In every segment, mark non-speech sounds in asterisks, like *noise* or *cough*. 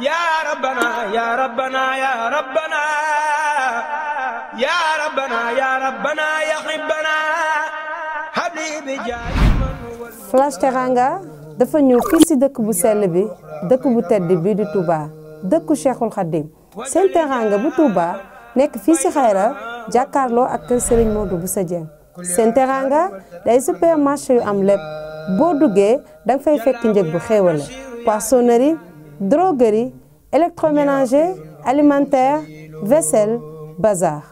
yaa rabbana Flash Teranga dafa ñëw fii ci dëkk bu sell bi dëkk bu tedd bi di Touba dëkku Cheikhul Khadim seen teranga bu Touba nekk fii ci Xayra jàkkaarloo ak kër Serigne Modou Bousso Dieng seen teranga day supermarché yu am lépp boo duggee danga fay fekk njëg bu xéewale poissonnerie droguerie électroménager alimentaire vaisselle bazar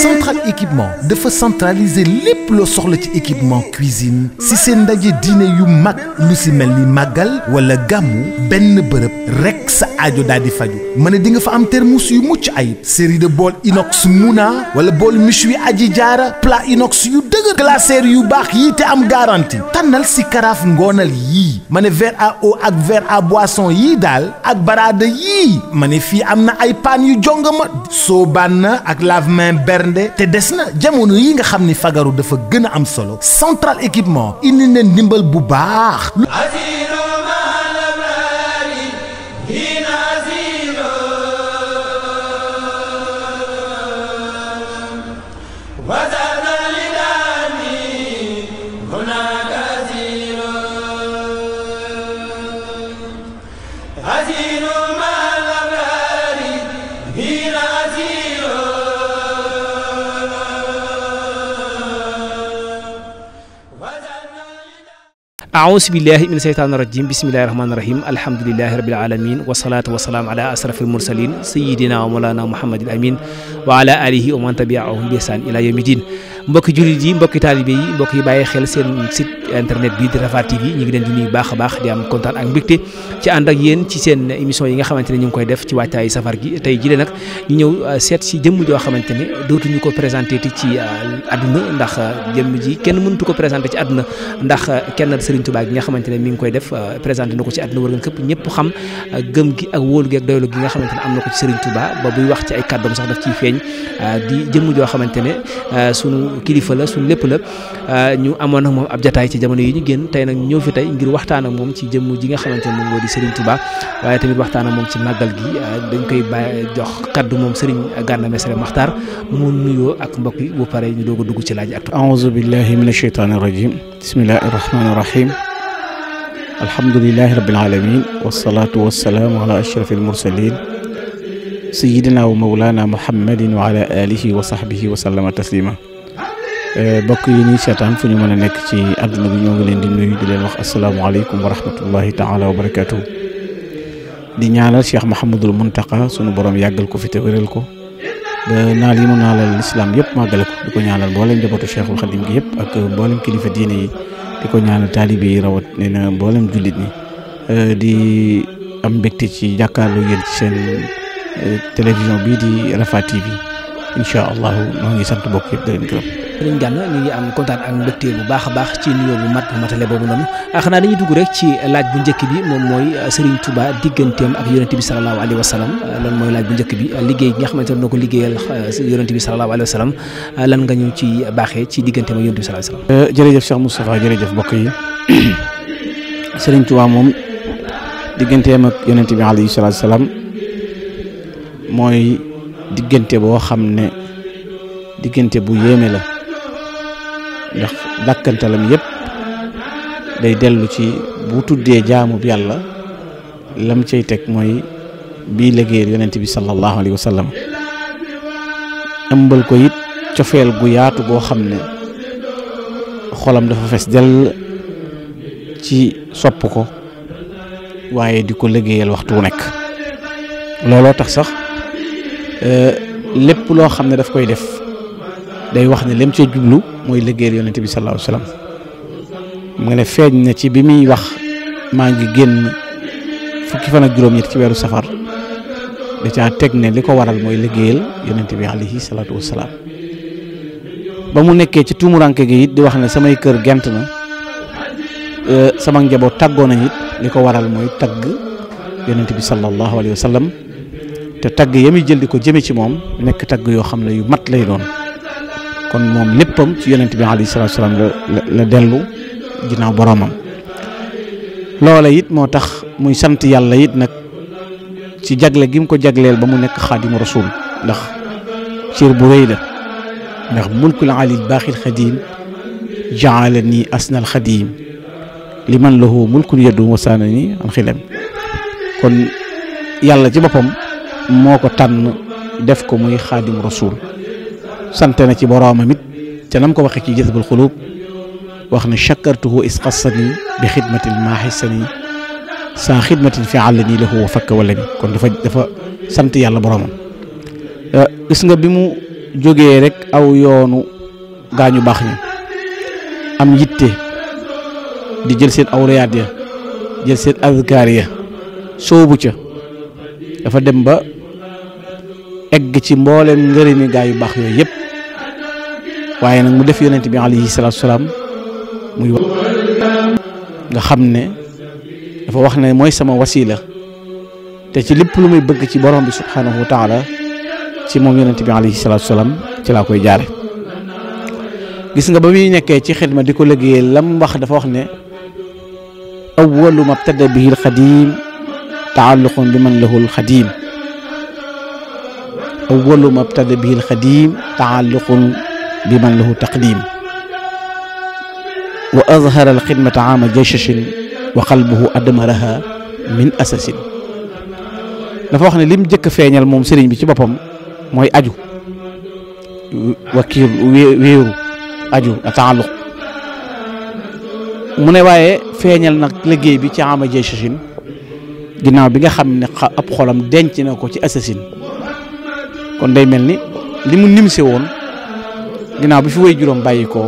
central équipement dafa centraliser lépp loo soxla ci équipement cuisine si seen ndaje diine yu mag lu si mel ni màggal wala gàmmu benn bërëb rek sa ajo daal di faju ma ne di nga fa am termus yu mucc ayib série de bool inox muna wala bool méchoui aji jaara plat inox yu dëgër glacière yu baax yi te am garantie tànnal si karaaf ngoonal yii ma ne verre à ak verre à boisson yii daal ak baraada yii ma ne fii am na ay paan yu jongama soobaan na ak lave bernde te des na jamono yi nga xam ni fagaru dafa gën a am solo central équipement indi na ndimbal bu baax aousu billahi min seytaan rajim bismillahi rahmaani rahim alhamdulilahi rabil alamin wasalaatu wasalaam ala asrafil mursalin sayidina wa molana muhammadil amin wa ala alihi wa man tabiahum bi ihsan ila yawmi din mbokki jullit yi mbokki taalibe yi mbokk yi bàyyi xel seen site internet bi di Rafah TV ñu ngi leen di nuyu baax a baax di am kontaan ak mbégte ci ànd ak yéen ci seen émission yi nga xamante ne ñu ngi koy def ci wàccaayu safar gi tey jii nag ñu ñëw euh, seet si jëmm joo xamante ne dootuñu ko présenté ti ci euh, àdduna ndax euh, jëmm ji kenn mënatu ko présenté ci àdduna ndax kenn Serigne Touba gi nga xamante ne mi ngi koy def présenté na ko ci àdduna war ngeen këpp ñëpp xam gëm gi ak wóolu gi ak doylu gi nga xamante ne am na ko ci Serigne Touba ba buy wax ci ay kàddoom sax daf ciy feeñ di jëmm joo xamante ne sunu kilifa la suñu lépp la euh, ñu amoon nag moom ab jataay ci jamono yi ñu génn tey nag ñëw fi tey ngir waxtaan ak moom ci jëmm ji nga xamante ne moom moo di Serigne Touba waaye tamit waxtaan moom ci màggal gi euh, dañ koy bàyyi jox kaddu moom Serigne Gana Messere Makhtar mu nuyoo ak mbokk bu pare ñu doo a dugg ci laaj ak. aouzu billahi mina a rajim bismillahi rahmaani rahim alhamdulilahi rabbil alamin wasalaatu wasalaamu ala ashrafi almursalin sayidina wa mawlana muhammadin wa ala alihi wa sahbihi Eh, bokk yi ñuy seetaan fu ñu mën a nekk ci àdduna bi ñoo ngi leen di nuyu di leen wax asalaamaaleykum wa rahmatullahi taala wa barakaatu. di ñaanal Cheikh Mahamadul Muntaqa sunu borom yàggal ko fi te wéral ko ba yi mu naalal islam yëpp màggale ko di ko ñaanal mboolem njabootu Cheikhul Xadim gi yëpp ak mboolem kilifa diine yi di ko ñaanal taalibe yi rawat nee na mboolem jullit ñi eh, di am mbégte ci jàkkaarloo yéen ci seen eh, télévision bii di Rafah TV incha allahu ñoo ngi sant bokk yëpp sëriñ Gana ñu ngi am kontaan ak mbégte bu baax a baax ci nuyoo bu mat bu matale boobu noonu ah, xanaa dañuy dugg rek ci laaj bu njëkk bi moom mooy ah, sëriñ Touba digganteem ak yonente bi salallaahu alayhi wa salaam ah, lan mooy laaj bu njëkk bi liggéey nga xamante ne na ko liggéeyal yonente bi salallaahu alayhi wa salaam lan nga ñu ci baaxee ci digganteem ak yonente bi salallaahu alayhi wa salaam. Eh, jërëjëf Cheikh Moustapha jërëjëf mbokk yi sëriñ *coughs* Touba moom digganteem ak yonente bi alayhi salaatu salaam mooy diggante boo xam ne diggante bu yéeme la. ndax dàkkantalam yépp day dellu ci bu tuddee jaamu jaamub yàlla lam cay teg mooy bii liggéeyal yonent bi sallallahu alayhi wa sallam ëmbal ko it cofeel gu yaatu goo xam ne xolam dafa fes dell ci sopp ko waaye di ko liggéeyal waxtu nekk looloo tax sax euh, lépp loo xam ne daf koy def day wax ne lem cee jublu mooy liggéeyal yonent bi sallallahu alayhi wa sallam mu feeñ na ci bi muy wax maa ngi génn fukki fan ci weeru safar da caa li ko waral mooy liggéeyal yonent bi alayhi salaatu wa salaam ba mu nekkee ci tuumuranke gi it di wax ne samay kër gent na e, sama njaboot tàggoo nañ it li ko waral mooy tagg yonent bi sallallahu alayhi wa sallam te tàgg ya muy jël di ko jëme ci moom nekk tagg yoo xam ne yu mat lay doon. kon moom léppam ci yonent bi alayhi salaatu salaam la la dellu ginnaaw boroomam loola it moo tax muy sant yàlla it nag ci jagle gi mu ko jagleel ba mu nekk xaadimu rasul ndax cër bu rëy la ndax mulkul alil baaxil xadiim jaalani asnal xadiim li man la lahu mulkun yaddu wasaana ni an xilem kon yàlla ci boppam moo ko tànn def ko muy xaadimu rasul sante na ci boroomam it te nam ko waxee ci jazbul xuluub wax ne chakartuhu isqassani bi xidmatin maaxissani saa xidmatin fi àll nii lahu wa fakk wala bi kon dafa dafa sant yàlla boroomam eh, gis nga bi mu jógee rek aw yoonu gaañu baax ñi am yitte di jël seen awrayaat ya jël seen azkaar ya soobu ca dafa dem ba egg ci mboolem ngërëmi gaa yu baax yooyu yëpp waaye nag mu def yeneen bi alayhi salaatu salaam muy nga xam ne dafa wax ne mooy sama wasila te ci lépp lu may bëgg ci borom bi subhaanahu wa taala ci moom yonent bi alayhi salaatu salaam ci laa koy jaare gis nga ba muy nekkee ci ma di ko liggéeyee lam wax dafa wax ne awwalu ma btada bihi alxadim taalluqun bi man lahu alxadim awwalu ma btada bihi alxadim taalluqun bi man lahu taqdim wa azhara alxidmata ama jashashin wa qalbuhu admaraha min asasin dafa wax ne lim jëkk a feeñal moom sëriñ bi ci boppam mooy aju wakiir wéeru aju a taalluq mu ne waaye feeñal nag liggéey bi ci ama jashashin ginnaaw bi nga xam ne ab xolam denc na ko ci asasin kon day mel ni li mu nimse woon ginnaaw bi fi way juróom bàyyi ko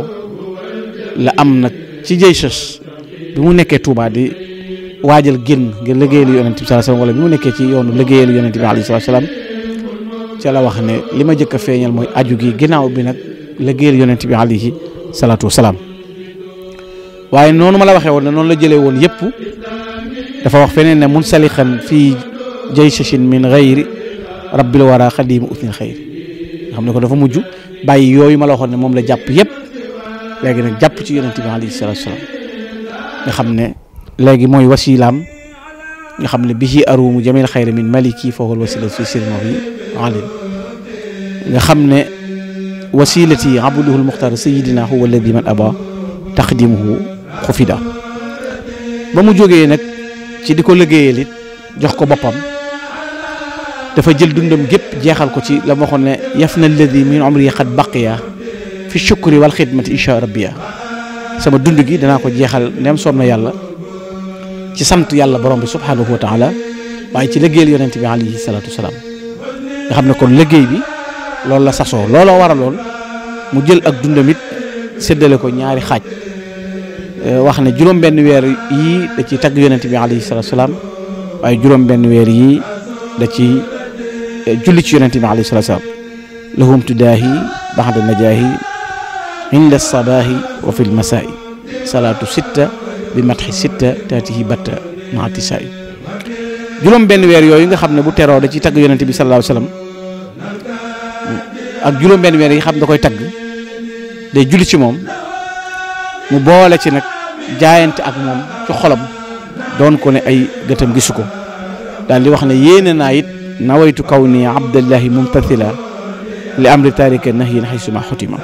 la am nag ci jëy sës bi mu nekkee Touba di waajal génn ngir liggéeyalu yonent bi sallallahu wala bi mu nekkee ci yoonu liggéeyalu yonent bi alayhi salaam ca la wax ne li ma jëkk feeñal mooy aju gi ginnaaw bi nag liggéeyal yonent bi alayhi salaatu wasalaam waaye noonu ma la waxee woon ne noonu la jëlee woon yépp dafa wax feneen ne mun salixan fii jay sashin min xayri rabbil wara xadimu uthin xayri nga xam ne ko dafa mujj bàyyi yooyu ma la waxoon ne moom la jàpp yëpp léegi nag jàpp ci yonent bi nga xam ne léegi mooy wasilaam nga xam ne bi ci aruumu jamil xayri min maliki foofu wasila fi sirmo yi alim nga xam ne wasilati abduhul muxtaar sayidina huwa alladi man aba taxdimuhu xufida ba mu jógee nag ci di ko liggéeyal it jox ko boppam dafa jël dundam gépp jeexal ko ci la ma waxoon yaf na alladi min umri qad baqiya fi shukri wal xidmati insha rabbiya sama dund gi danaa ko jeexal neem soob na yàlla ci sant yàlla borom bi subhanahu wa taala waaye ci liggéeyal yonent bi alayhi salaatu wasalaam nga xam ne kon liggéey bi loolu la sasoo looloo waraloon mu jël ak dundam it séddale ko ñaari xaaj wax ne juróom weer yii da ciy tagg yonent bi waaye juróom-benn weer yii da ci julli ci yonente bi alayhi salaatu salaam lahum tudaahi baxda najaahi inda sabaahi wa fil masaa'i salaatu sitta bi matxi sitta taatihi batta maati saa'i juróom benn weer yooyu nga xam ne bu teroo da ci tagg yonente bi sallallahu alayhi wa ak juróom benn weer yi xam da koy tagg day julli ci moom mu boole ci nag jaayante ak moom ci xolam doon ko ne ay gëtam gisu ko daal di wax ne yéene naa nawaytu kaw nii abdallahi mumtathila li amri taarika nahyin xaysuma xutima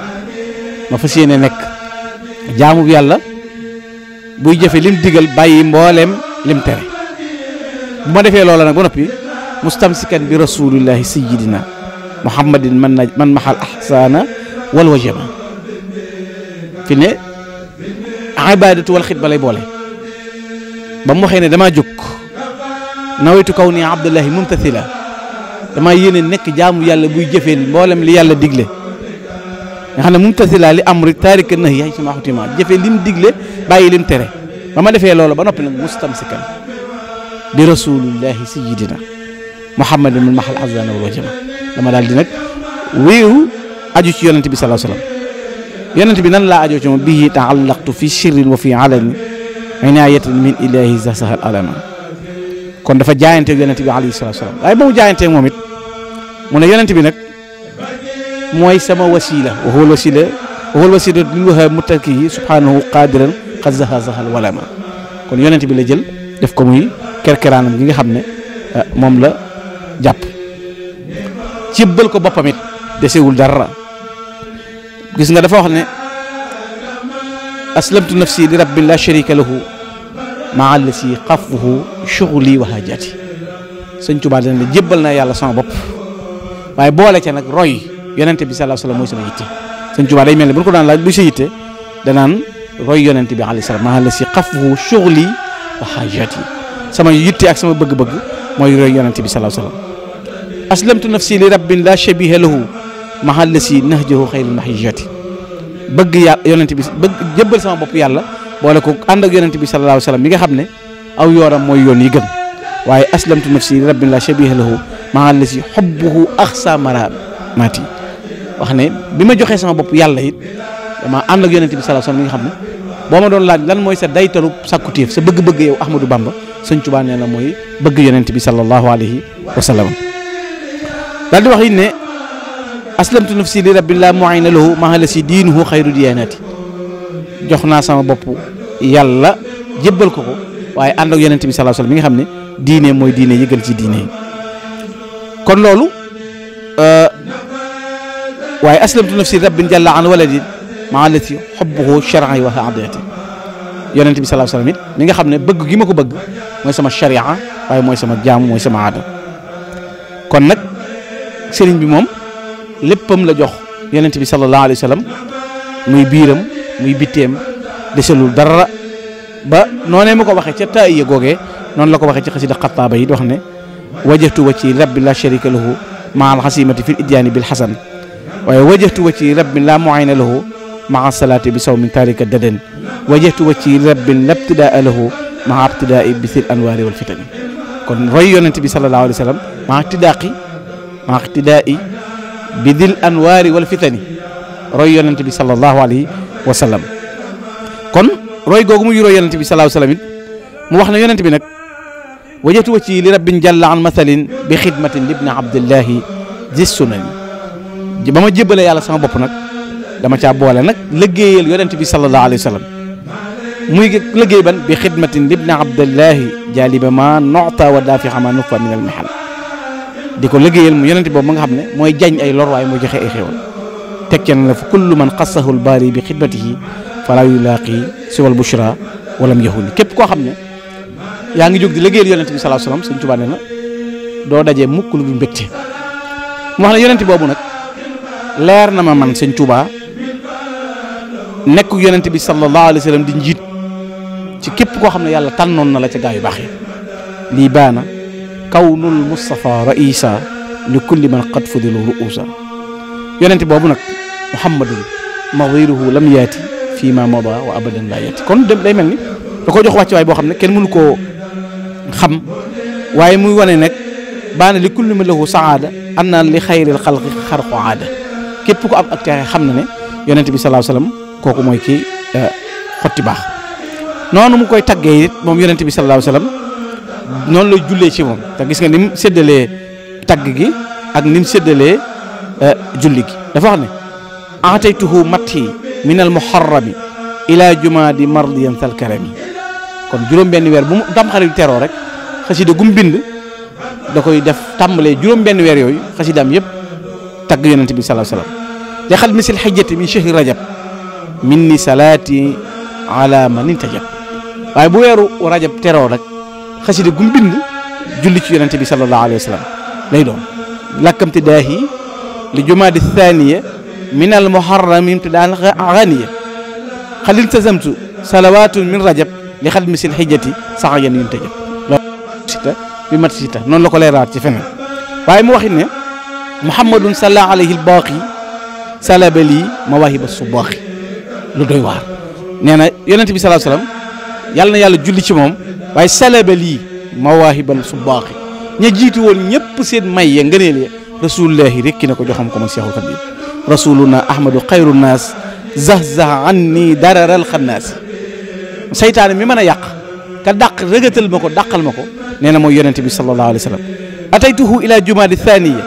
ma fas yéene nekk jaamub yàlla buy jëfe lim digal bàyyi mbooleem lim tere bu ma defee loola nag ba noppi mustamsikan bi rasulillahi sayidina muhammadin man na man maxal ahsaana wal wajama fi ne ibaadatu wal xidma lay boole ba mu waxee ne damaa jóg nawaytu kaw nii abdallahi mumtathila damaa yéene nekk jaamu yàlla buy jëfee mboolem li yàlla digle nga xam ne mu tasi laa li am rek taarika na yaay si maaxutima jëfee lim digle bàyyi lim tere ba ma defee loolu ba noppi nag mustamsikan bi rasulillahi sayyidina muhammadin min mahal azana wal wajama dama daal di nag wéewu aju ci yonent bi salaa salaam yonent bi nan laa ajoo ci moom bihi taallaqtu fi sirrin wa fi alani inayatan min ilahi zasahal alama kon dafa jaayanteeg yonent bi alayhi salaatu salaam waaye ba mu jaayanteeg moom mu ne yonent bi nag mooy sama wasila wa huwa wasila wa huwa wasila lil wahaab muttakihi subhanahu qadiran qad kon yonent bi la jël def ko muy kerkeraanam gi nga xam ne ah, moom la jàpp jébbal ko boppam it desewul dara gis nga dafa wax ne aslamtu nafsi li rabbi la sharika lahu maa la si xafuhu shughli wa hajati sëñ Tuubaa dana la jébbal naa yàlla sama bopp waaye boole nag roy yonente bi sallallahu alayhi wasallam mooy sama yitte sëñ Tuubaa day mel ne bu ko daan laaj bu danaan roy yonente bi alayhi la si xafuhu shughli wa hajati sama yitte ak sama bëgg-bëgg mooy roy yonente bi sallallahu alayhi wasallam aslamtu nafsi li rabbin la shabiha lahu maa la si nahjahu xayril mahjati bëgg yàlla yonente bi jébbal sama bopp yàlla boole ko ànd ak yonent bi sallallahu alayhi wa sallam mi nga xam ne aw yoonam mooy yoon yi gën waaye aslamtu nafsi rabbil la shabiha lahu maa la si xobbuhu axsa maraamaati wax ne bi ma joxee sama bopp yàlla it dama ànd ak yonent bi sallallahu alayhi wa nga xam ne boo ma doon laaj lan mooy sa daytalu sàkkutéef sa bëgg-bëgg yow Ahmadou Bamba sa Tuubaa nee na mooy bëgg yonent bi sallallahu alayhi wa sallam daal di wax it ne aslamtu nafsi li rabbillah muayna lahu maa la si diinuhu xayru diyaanaati jox naa sama bopp yàlla jébbal ko ko waaye ànd ak yonent bi sallallahu alayhi wasallam nga xam ne diine mooy diine yëgal ci diine yi kon loolu euh, waaye aslamtu nafsi rabbin jalla an waladi maa lati xubbuhu shar'i wa adiyati yonent bi sallallahu nga xam ne bëgg gi ko bëgg sama sharia waaye mooy sama jaamu mooy sama aada kon nag sëriñ bi moom léppam la jox yonent bi sallallahu alayhi wasallam muy biiram muy bitteem deselul dara ba noonee mu ko waxee ca taayiya googee noonu la ko waxee ca xasida xattaaba yi wax ne wajjatu wa ci rabbi la sharika lahu maal xasimati fil idyaani bil xasan waaye wajjatu wa ci rabbi la muayna lahu maa salaati bi saw min taalika daden wajjatu wa ci rabbi la ibtidaa lahu maa ibtidaa bi sil kon roy yonent bi sallallahu alayhi wa sallam maa tidaaqi roy yonent bi sallallahu alayhi wa sallam kon roy googu mu roy yonent bi salaahu salaam mu wax ne yonent bi nag wajatu wa ci li rabbin jalla an mathalin bi xidmatin libna abdillahi gis sunani ba ma jébbale yàlla sama bopp nag dama caa boole nag liggéeyal yonent bi sallallahu alayhi wa sallam muy liggéey ban bi xidmatin libna abdillahi jaaliba ma nota wa daafi xama nufa min al mahal di ko liggéeyal mu yonent boobu ma nga xam ne mooy jañ ay lor waaye mooy joxe ay xéwal teg kenn la fa kullu man xasahu l baari bi xidmatihi falaa yulaaqi siwal bushra walam yahuni képp koo xam ne yaa ngi jóg di liggéeyal yonent bi salaa salaam sëñ Tuubaa nee doo dajee mukk lu du mbégte mu wax ne yonent boobu nag leer na ma man sëñ Tuubaa nekk yonent bi sallallahu alayhi wa di njiit ci képp koo xam ne yàlla tànnoon na la ca gaa yu baax yi lii baana kawnul Mustafa raisa li kulli man qad fudilu ruusa yonent boobu nag muhammadun nadiruhu lam yaati fii ma moba wa abadan laa yaati kon dem day mel ni la ko jox wàccuwaay boo xam ne kenn mënu koo xam waaye muy wane nag baana li kulli man lahu saada an naan li xayril xalqi xarqu aada képp ko am ak xam na ne yonent bi salaahu salaam kooku mooy kii eh, xotti baax noonu mu koy taggee it moom yonent bi salaahu salaam noonu lay jullee ci moom te gis nga nim mu séddalee tagg gi ak ni mu séddalee Euh, julli gi dafa wax ne aataytuhu matti min al muharrami ila jumaadi mardiyan sal karami kon juróom-benn weer bu mu tamxarit teroo rek xasida gum bind da koy def tàmbalee juróom-benn weer yooyu xasidaam yëpp tagg yonente bi salaa salaam li xat misil xijjati min chehri rajab min ni salaati ala man intajab waaye bu weeru rajab teroo rek xasida gum bind julli ci yonente bi salallahu alayhi wa sallam lay doon làkkamte daahi li jumaadi thaniya min al muharram imtidaan ghaniya xalil tasamtu salawaatun min rajab li xat misil xijjati saxajan yun tëjëb loolu bi mat sita noonu la ko leeraat ci feneen waaye mu waxit ne muhammadun salla alayhi al baaqi salabali mawaahiba subaaxi lu doy waar nee na yonent bi salaa salaam yàlla na yàlla julli ci moom waaye salabali mawaahibal subaaxi ña jiitu woon ñëpp seen may ya ngëneel ya rasulullahi rekki ko joxam ko man Seexul Xadiim rasuluna ahmadu xayru naas zahzah anni dararal xannaas seytaane mi man a yàq ka dàq rëgatal ma ko dàqal ma ko nee na mooy yonente bi sallallahu alayhi wa sallam ataytuhu ila jumaadi thaniya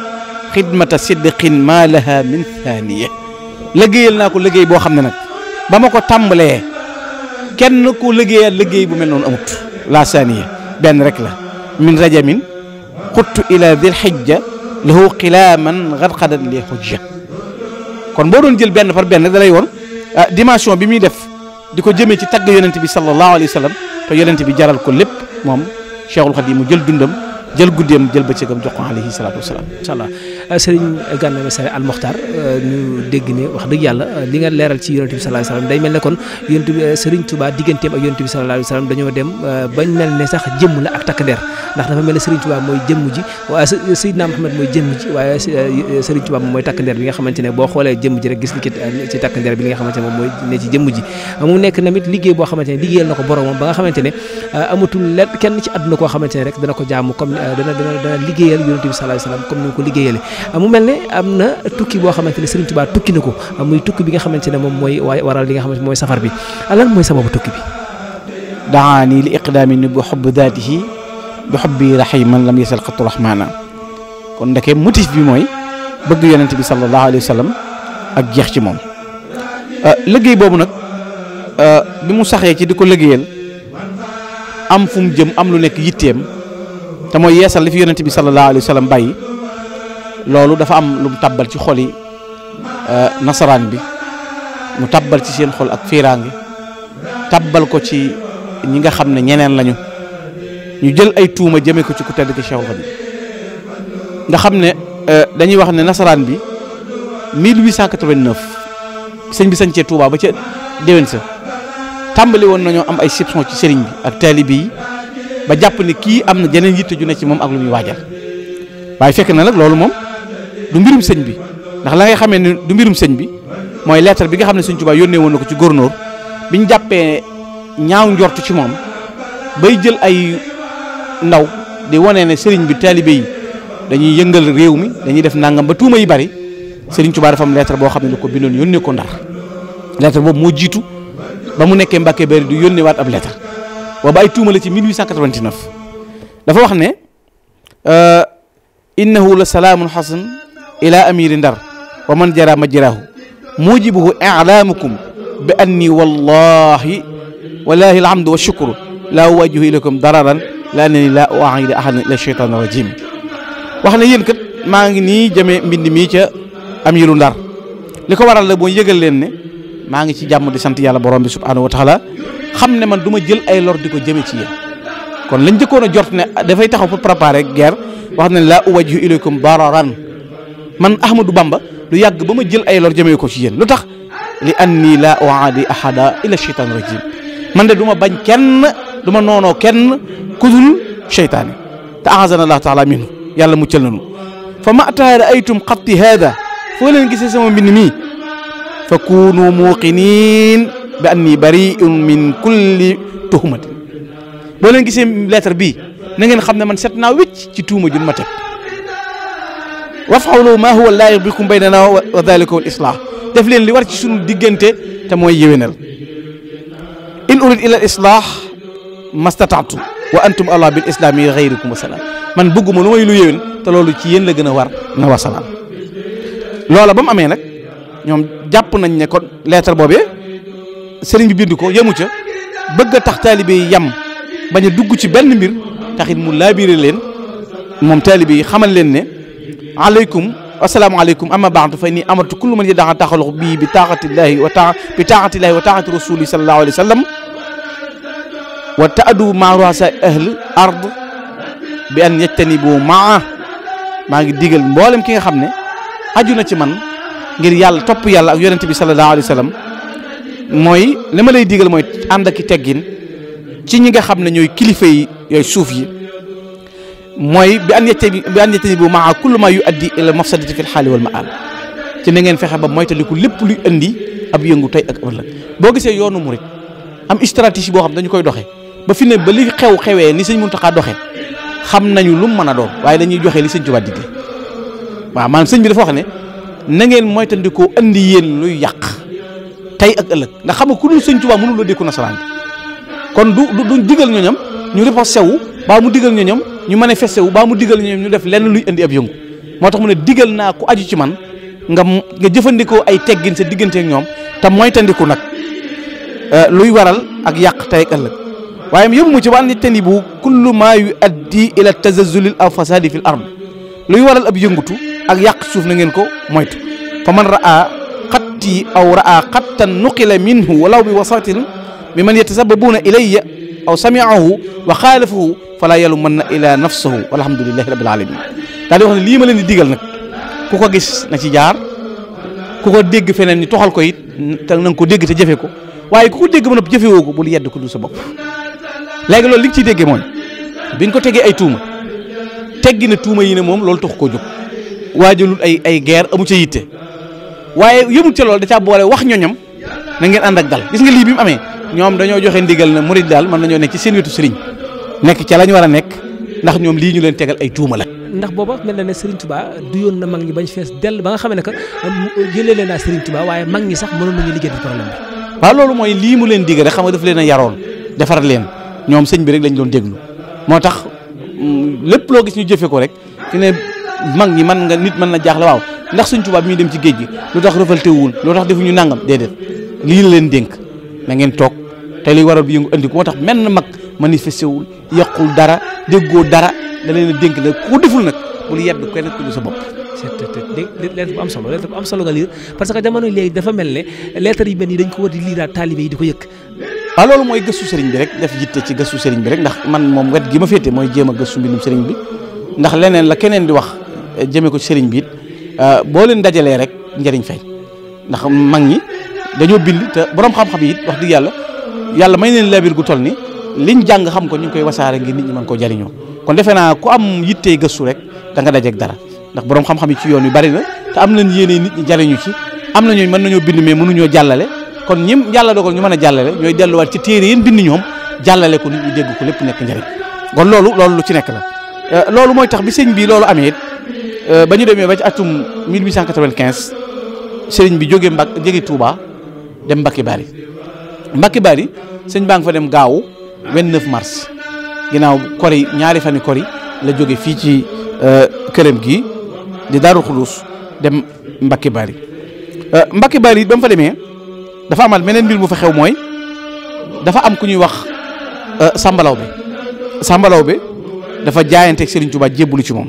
xidmata sidqin ma laha min thaniya liggéeyal naa ko liggéey boo xam ne nag ba ma ko tàmbalee kenn ko liggéeyal liggéey bu mel noonu amut la thaniya benn rek la min rajamin xuttu ila dil xijja lahu xilaaman xad xadat li xujja kon boo doon jël benn par benn rek da lay woon ah, dimension bi muy def di ko jëmee ci tagg yonent bi sallallahu alayhi wa sallam yonent bi jaral ko lépp moom Cheikhul Khadim mu jël dundam jël guddeem jël bëccëgam jox ko alayhi salaatu wa salaam. incha allah ah, sëriñ Gana Messere Al Mokhtar ah, ñu dégg ne wax dëgg yàlla li nga leeral ci yonent bi sallallahu alayhi wa day mel ne kon yonent bi sëriñ Touba digganteem ak yonent bi sallallahu alayhi dañoo dem bañ mel ne sax jëmm la ak takk der ndax dafa mel ne Serigne Touba mooy jëmm ji waaye Seydina Muhammad eh, mooy takk ndeer bi nga xamante ne boo xoolee jëm ji rek gis ni eh, ci takk ndeer bi li nga xamante ne moom mooy ne ci jëmm ji mu nekk tamit liggéey liggéeyal na ko boromam ba nga xamante ne eh, amatul koo xamante ne rek dana ko jaamu comme dana dana dana liggéeyal yonent bi sallallahu alayhi wasallam comme ni mu ko ne am na tukki boo xamante ko muy tukki nga xamante ne moom mooy waral li nga xamante mooy safar bi lan mooy sababu tukki bi nii li iqdaami ni bu xob daatihi bi xob bi raximan lam yasal xattu rahmaana kon ndeke motif bi mooy bëgg yonent bi sallallahu alayhi wa sallam ak jeex ci moom euh, liggéey boobu nag euh, bi mu saxee ci di ko liggéeyal am fu mu jëm am lu nekk yitteem te mooy yeesal li fi yonent bi sallallahu alayhi wa sallam bàyyi loolu dafa am lu mu tàbbal ci xol yi euh, nasaraan bi mu tàbbal ci seen xol ak fiiraange tàbbal ko ci ñi nga xam ne ñeneen lañu ñu jël ay tuuma jëmee ko ci ku tedd ki Cheikhul Khadim nga xam ne euh, dañuy wax ne nasaraan bi 1889 sëñ bi cee Touba ba ca déwén sa tàmbali woon nañoo am ay soupçon ci sëriñ bi ak taalibe yi ba jàpp ne kii am na jeneen yitte ju ne ci moom ak lu muy waajal waaye fekk na nag loolu moom du mbirum sëñ bi ndax la ngay xamee ne du mbirum sëñ bi mooy lettre bi nga xam ne sëñ Touba yónnee woon na ko ci bi ñu jàppee ñaaw njort ci moom bay jël ay ndaw di wane ne sëriñ bi taalibe yi dañuy yëngal réew mi dañuy def nangam ba tuuma yi bari sëriñ Tuubaa dafa am lettre boo xam ne ko bindoon yónnee ko Ndar lettre boobu moo jiitu ba mu nekkee Mbàkke Bari du yónnee waat ab lettre booba ay tuuma ci 1889 dafa wax ne euh, innahu la salaamun xasan ila amiri ndar wa man jara majrahu mujibuhu ilaamukum bi anni wallahi wallahi alhamdu wa shukru laa uwajjihu ilaykum dararan laa ne ni laa u'aa'idu ahadan illa sheytaani rajiim wax ne yéen kat maa ngi nii jëmee mbind mii ca am amiru ndar li ko waral la boo yëgal leen ne maa ngi ci jàmm di sant yàlla borom bi subhaanahu wa taala xam ne man duma jël ay lor di ko jëme ci yéen kon lañ njëkkoon a jort ne dafay taxaw pour préparer guerre wax ne laa uwajjihu ilaykum dararan man Ahmadou Bamba du yàgg ba ma jël ay lor jëmee ko ci yéen lu tax li anni laa u'aadi ahada illa sheytaani rajiim man de du ma noonoo kenn kudul seytaane te ahasana allahu taala minhu yàlla muccal nañu fa mata raaytum xatti haada foo leen gisee sama mbind mii fa kuunu muuqiniin bi anni bariun min kulli tuhumatin boo leen gisee lettre bii na ngeen xam ne man set naa wécc ci tuuma jun ma teg waf'alu maa huwa laayiq bikum baynana wa dalika wal islah def leen li war ci sunu diggante te mooy yéwénal in urid ila al islah mastataatu wa antum allah bil islaami xayrikum wasalaam man bëgguma lu may lu yéwén te loolu ci yéen la gën a war na wasalaam loola ba mu amee nag ñoom jàpp nañ ne kon leetar boobee sëriñ bi bind ko yemu ca bëgg a tax taalibe yi yam bañ a dugg ci benn mbir taxit mu laabire leen moom taalibe yi xamal leen ne aleykum asalaamaaleykum amma baatu fa nii amatu kullu man yadaxa taxaluxu bii bi taaxatillahi wa taa bi taaxatillahi wa taaxati rasuli sallallahu alayhi wa sallam wa taadu ma ruasa ahl ard bi an yajtanibu maa maa ngi digal mboolem ki nga xam ne aju na ci man ngir yàlla topp yàlla ak yonente bi sallallahu alayhi mooy li ma lay digal mooy ànd ak i teggin ci ñi nga xam ne ñooy kilifa yi yooyu suuf yi mooy bi an yette bi an yette bu maa kullu ma yu addi ila mafsadati fi lxaali ma maal ci na ngeen fexe ba moytaliku lépp luy indi ab yëngu tey ak ëllëg boo gisee yoonu murit am stratégie boo xam dañu koy doxee ba fi ne ba li xew xewee ni sëñ Muntaxa doxe xam nañu lu mu mën a doon waaye dañuy joxe li sëñ Tuubaa digle waaw maan sëñ bi dafa wax ne na ngeen moytandikoo andi yéen luy yàq tey ak ëllëg ndax xam nga ku dul sëñ Tuubaa mënul la dékku nasaraan kon du du digal ñooñam ñu riposté wu baa mu digal ñooñam ñu manifesté wu baa mu digal ñooñam ñu def lenn luy indi ab yëngu moo tax mu ne digal naa ku aju ci man nga jëfandikoo ay teggin sa diggante ñoom te moytandiku nag euh, luy waral ak yàq tey ak waaye yóbbu mu ci waan tanibu kullu maa yu addi ila tazazulil aw fasadi fil ard luy waral ab yëngutu ak yàq suuf na ngeen ko moytu fa man raa xatti aw raa xattan nuqila minhu walaw bi wasatin mi man yetasababuuna ilayya aw samiahu wa xaalafahu fala yalumanna ila nafsahu walhamdulilahi rabil alamin daal di wax ne lii ma leen di digal nag ku ko gis na ci jaar ku ko dégg feneen ni toxal ko it te na ko dégg te jafe ko waaye ku ko dégg ba noppi jëfewoo ko bul yedd ko du sa bopp léegi loolu li nga ciy déggee mooy biñ ko tegee ay tuuma teggi na tuuma yi ne moom loolu tax koo jóg waajalul ay ay guerre amu ca yitte waaye yëmul ca loolu da caa boole wax ñoñam na ngeen ànd ak dal lii amee ñoom dañoo joxe ndigal na murid daal mën nañoo nekk ci seen wetu sëriñ nekk ca la ñu war nekk ndax ñoom lii ñu leen tegal ay tuuma la. ndax booba mel na ne Serigne Touba du yoon na mag ñi bañ fees dell ba nga xam ne que euh, euh, jëlee leen naa Serigne Touba waaye mag ñi sax mënoon nañu liggéey di problème bi. waaw loolu mooy lii mu leen digal rek xam nga daf leen a yaroon defar leen ñoom sëñ bi rek lañu doon déglu moo tax mm, lépp loo gis ñu jëfe ko rek fi ne mag ñi man nga nit mën na jaaxle waaw ndax suñ tubaab bi ñuy dem ci géej gi lu tax rëfal teewul loo tax defuñu nangam déedéet lii la leen dénk na ngeen toog te li waral bi yëngu andi ko moo tax menn mag manifesté wul yàqul dara déggoo dara da leen a nag ku deful nag bul yedd kenn sa bopp. c'est lettre bu am solo lettre bu am solo nga lire parce que jamono léegi dafa mel ne lettre yu mel nii dañ ko war di liiraat taalibe yi di ko yëkk. waaw loolu mooy gëstu sëriñ bi rek def ci gëstu sëriñ bi rek ndax man moom wet gi ma féete mooy jéem a gëstu mbindum sëriñ bi ndax leneen la keneen di wax eh, jëmee ko ci sëriñ bi it euh, boo leen dajalee rek njariñ feeñ ndax mag ñi dañoo bind te borom xam-xam yi wax dëgg yàlla yàlla may leen labir gu toll ni liñ jàng xam ko ñu ngi koy wasaare ngir nit ñi mën koo jariñoo kon defe naa ku am yittee gëstu rek da nga dajeeg dara ndax borom xam-xam yi ci yoon yu bari na te am na yéene nit ñi jariñu ci am nañu mën nañoo bind mais mënuñoo jàllale kon ñim yàlla dogal ñu mën a jàllale ñooy delluwaat ci téere yéen bind ñoom jàllale ko nit ñi dégg ko lépp nekk njëriñ kon loolu loolu lu ci nekk la euh, loolu mooy tax bi sëñ bi loolu amee euh, ba ñu demee ba ci atum 1895 sëriñ bi jógee Mbak jógee Touba dem Mbacke Bari mbakki Bari sëñ baa ngi fa dem gaaw 29 mars ginnaaw kori ñaari fani kori la jóge fii ci euh, këram gi di Daaru Xulus dem Mbacke Bari Mbacke Bari ba mu fa demee. dafa amal meneen mbir mu fa xew mooy dafa am ku ñuy wax euh, sàmbalaw bi sàmbalaw bi dafa jaayanteeg Serigne Touba jébbalu ci moom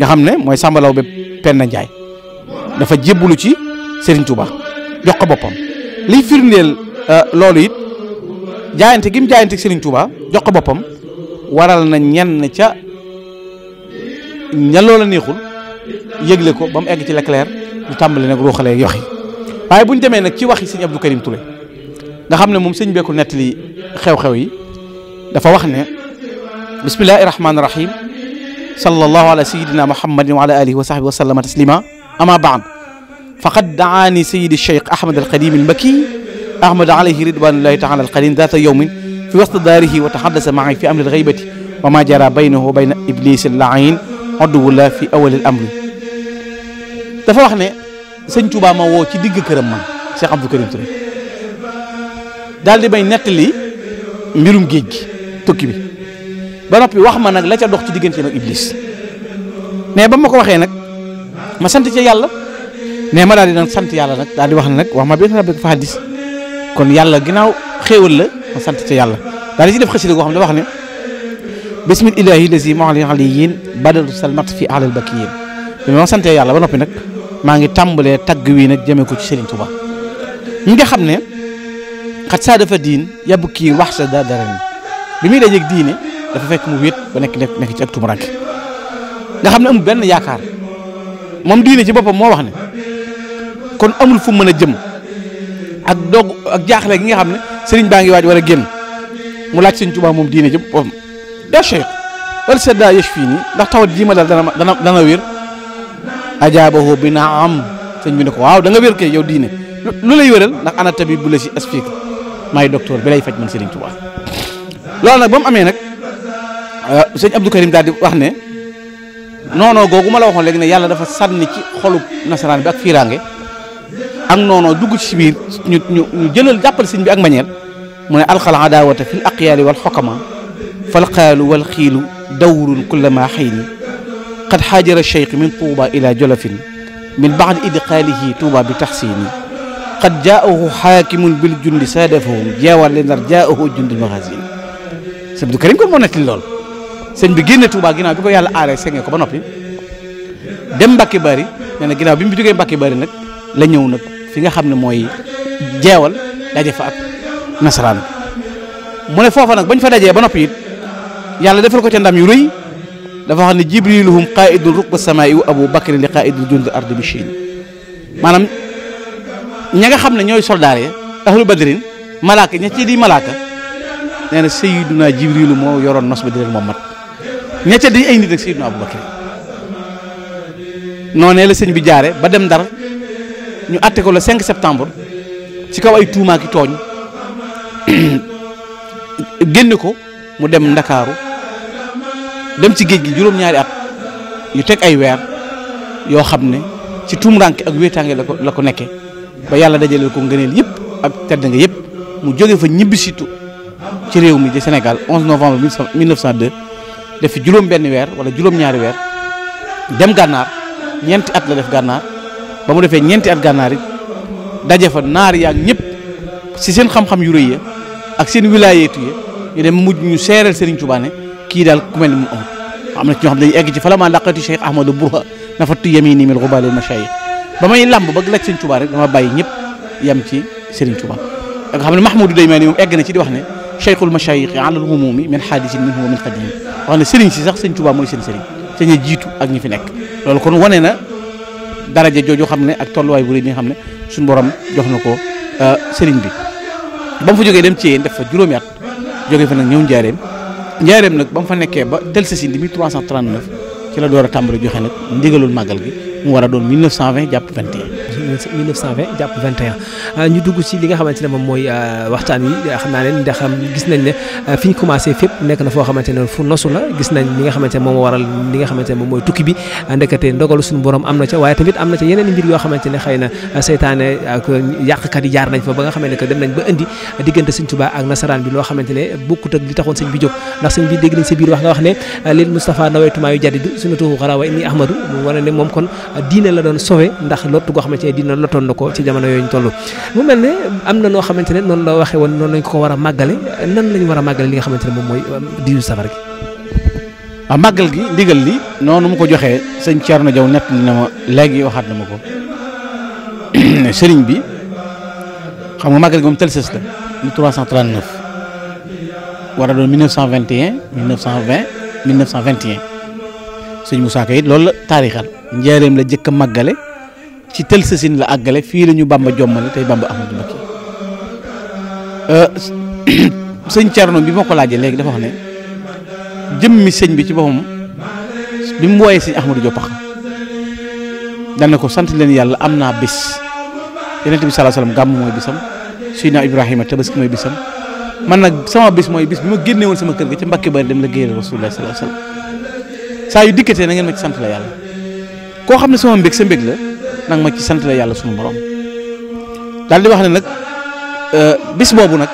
nga xam ne mooy sàmbalaw bi Penda Njaay dafa jébbalu ci Serigne Touba jox ko boppam liy firndeel euh, loolu it jaayante gi mu jaayanteeg Serigne Touba jox ko boppam waral na ñenn ca ña loola neexul yëgle ko ba mu egg ci Leclerc ñu tàmbali nag ruuxalee yoxi waaye bu ñu demee nag ci waxi sëñ Abdou Karim Touré nga xam ne moom sëñ beeku nettali xew-xew yi dafa wax ne bismillahi rahmaani rahim sallallahu ala sayidina muhammadin wa ala alihi wa sahbihi wa sallama taslima ama baad faqad daani sayidi cheikh ahmad alqadim almakki ahmad alayhi ridwanullahi taala alqadim data yawmin fi wasta daarihi wa tahaddasa maay fi amri alxaybati wa ma jara baynahu wa bayna iblis allain aduwullah fi awali al amri dafa wax ne sëñ Touba ma woo ci digg këram man Cheikh Abdou Karim Touré daal di may nettali mbirum géej gi tukki bi ba noppi wax ma nag la ca dox ci digganteem ak Iblis mais ba ma ko waxee nag ma sant ca yàlla mais ma daal di nag sant yàlla nag daal di wax nag wax ma bi rabbika fahaddis kon yàlla ginnaaw xéewal la sant ca yàlla daal di ci def xasida goo xam ne wax ne bismil ilaahi lazi maal aliyin badal salmat fi alal bakiyin bi ma santee yàlla ba noppi nag maa ngi tàmbalee tagg wii nag jëmee ko ci Serigne Touba mi nga xam ne xat saa dafa diin yàbb kii wax sa da dara bi muy dajeeg diine dafa fekk mu wéet ba nekk nekk ci ak tumuranke nga xam ne amul benn yaakaar moom diine ci boppam moo wax ne kon amul fu mën a jëm ak doog ak jaaxle gi nga xam ne Serigne baa ngi waaj war a génn laaj Serigne Touba moom diine ci boppam yaa Cheikh wala sedda fii nii ndax tawat jii ma daal dana dana dana wér ajaabahu bi naam sëñ bi ne ko waaw da nga wér kay yow diine lu lay wéral ndax ana tabib bu si explique maay docteur bi lay faj man Serigne Touba loolu nag ba mu amee nag euh, sëñ Abdou Karim wax ne noonoo googu ma la waxoon léegi ne yàlla dafa sànni ci xolub nasaraan bi ak fiiraange ak noonoo dugg ci biir ñu ñu ñu jëlal jàppal sëñ bi ak mañeel mu ne alxal adaawata fil aqyaali wal xokama fal xaalu wal xiilu dawrun kullama xëy qad xaajara cheikh min tuuba ila jolofin min baxdi idqaalihi tuuba bi taxsiini qad jaahu xaakimun bil jundi saadafahum jeewal li ndar jaahu jundul magasin sëñ Abdou Karim ko moo nettali lool sëñ bi génne Touba ginnaaw bi ko yàlla aaree sengee ko ba noppi dem Mbacke Bari nee na ginnaaw bi mu jógee Mbacke Bari nag la ñëw nag fi nga xam ne mooy jeewal daje fa ak nasaraan bi mu ne foofa nag bañ fa dajee ba noppi it yàlla defal ko ca ndam yu rëy. dafa xam ne jibriluhum qaidul rukba sama wa abu bakrin li qaidul jund ardi bi Chine maanaam ña nga xam ne ñooy soldaar ya ahlu badrin malaaka ña ci di malaaka nee na sayiduna jibrilu moo yoroon nos ba di leen moom mat ña di ay nit ak sayiduna abu bakrin noonee la sëñ bi jaare ba dem Ndar ñu àtte ko le 5 septembre ci kaw ay tuumaaki tooñ *clears throat* génne ko mu dem Ndakaaru dem ci géej gi juróom-ñaari at yu teg ay weer yoo xam ne ci tuumranke ak wéetaange la ko la ko nekkee ba yàlla dajaleel ko ngëneel yëpp ak tedd nga yëpp mu jóge fa ñibbi situ ci réew mi di Sénégal 11 novembre 1902 def fi juróom benn weer wala juróom-ñaari weer dem gànnaar ñeenti at la def gànnaar ba mu defee ñeenti at gànnaar it daje fa naar yaag ñëpp si seen xam-xam yu rëy ya ak seen wilaayeetu ya ñu dem mujj ñu seereel Serigne Touba ne kii daal ku mel ni mu amul am na ci ñoo xam dañuy egg ci fala maa laqati Cheikh Ahmadou Bourha nafattu yamini mil xubalil mashayikh ba may làmb ba laaj Sëñ Tuubaa rek dama bàyyi ñëpp yem ci Sëriñ xam ne Mahmoudou Daymaani moom egg na ci di wax ne cheikhul mashayikh alal humumi min hadisin minhu wa min qadim wax ne si sax Sëñ Tuubaa mooy seen sëriñ te ñu jiitu ak ñi fi nekk loolu kon wane na daraja jooju xam ne ak tolluwaay bu rëy bi nga xam ne suñu borom jox na ko euh, sëriñ bi ba mu fa jógee dem ci yéen def fa juróomi at jógee fa nag ñëw njaareem njaareem nag ba mu fa nekkee ba delsi si 1339 ci la door a tàmbali joxe nag ndigalul màggal gi mu war a doon 1920 jàpp 21 1920 jàpp 21 euh, ñu dugg ci li nga xamante ne euh, euh, fi ñu commencé fépp nekk na foo xamante ne fu nosu la gis nañ li nga xamante ne moom wa kon diine la doon sauvé ndax lottu goo xamante ne ji noonu la na ko ci jamono yooyu ñu toll mu mel ne am na noo xamante ne noonu la waxee woon noonu lañ ko war a màggale nan lañ war a màggale li nga xamante ne moom mooy euh, diiru safar gi ah, gi ndigal li noonu mu ko joxee sëñ Thierno Diaw nett na ma léegi waxaat na ma ko *clears throat* sëriñ bi xam nga màggal gi moom tel sës la mu 339 war a doon 1921 1920 1921 sëñ Moussa Ka it loolu la taarixal njaareem la jëkk a màggale ci tël sësin la àggale fii la ñu bàmba jommale tey bàmba Ahmadou Mbacké euh, *coughs* sëñ Thierno bi ma ko laajee léegi dafa wax ne jëmmi sëñ bi ci boppam bi mu wooyee sëñ Ahmadou Diop dana ko sant leen yàlla am naa bis yonent bi sallallahu alayhi wasallam gàmm mooy bisam Seydina Ibrahima tabaski mooy bisam man nag sama bis mooy bis bi ma génne sama kër ga ca Mbàkke bari dem la géyal Rasulullah sallallahu alayhi saa yu dikkatee na ngeen ma ci sant la yàlla koo xam ne sama mbég sa mbég la. nag ma ci sant yàlla sunu borom daal di wax ne nag euh, bis boobu nag